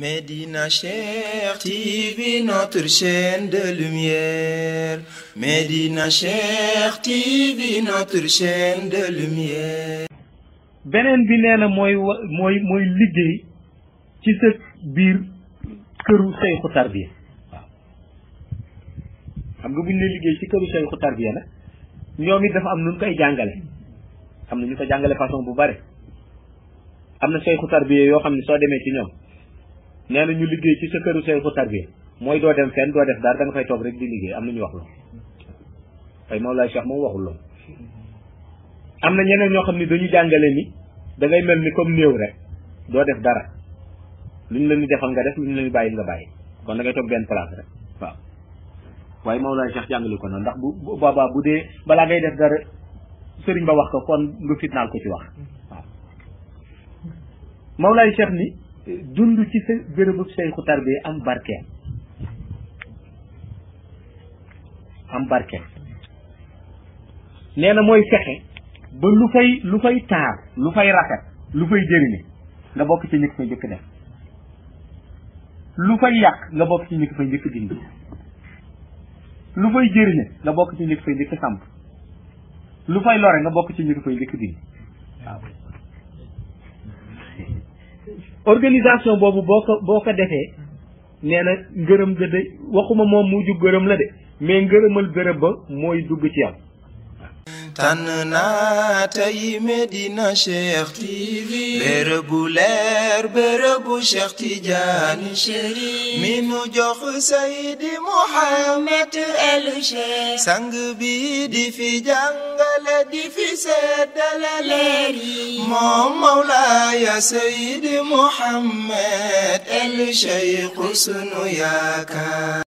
Médina Cheikh TV, notre chaîne de lumière. Médina Cheikh TV, beneen bi nee na mooy wa mooy mooy liggéey ci sa biir këru sayxu tarbiya waaw xam nga bu ñu ne liggéey ci këru sayxu tarbiya nag ñoom it dafa am nu ñu koy jàngale am na ñu ko jàngale façon bu bare am na sayxu tarbiya yoo xam ne soo demee ci ñoom. nee na ñu liggéey ci sa këru Seexu Tarbiya mooy doo dem fenn doo def dara da nga fay toog rek di liggéey am na ñu wax loolu ay Mawlaay Cheikh moom waxul loolu am na ñeneen ñoo xam ne dañu jàngale ni da mel ni comme néew rek doo def dara lu ñu la ñu defal nga def lu ñu la ñu bàyyi nga bàyyi kon da ngay toog benn place rek waaw waaye Mawlaay Cheikh jàngale ko noonu ndax bu boobaa bu dee balaa ngay def dara sëriñ ba wax ko kon nga fitnaal ko ci wax waaw dund ci sa bérébu sayxu tarbiya am barke am barke nee na mooy fexe ba lu fay lu fay taar lu fay rafet lu fay jëriñe nga bokk ci ñi ko fay njëkk def lu fay yàq nga bokk ci ñi ko fay njëkk dindi lu fay jëriñe nga bokk ci ñi ko fay njëkk samp lu fay lore nga bokk ci ñi fay njëkk dindi waaw organisation boobu boo ko boo ko defee nee na ngërëm ga de waxuma moom mu jug gërëm la de mais ngërëmal bërëb ba mooy dugg ci yow. tànn naa tey Medina Cheikh TV bërëbu leer leer bërëbu Cheikh Tidiane Chérif mi nu jox Seydi Mouhamed El Cheikh sang bi di fi jàngale di fi seddale leer yi moom Mawlaaya Seydi Mouhamed El Cheikh sunu yaakaar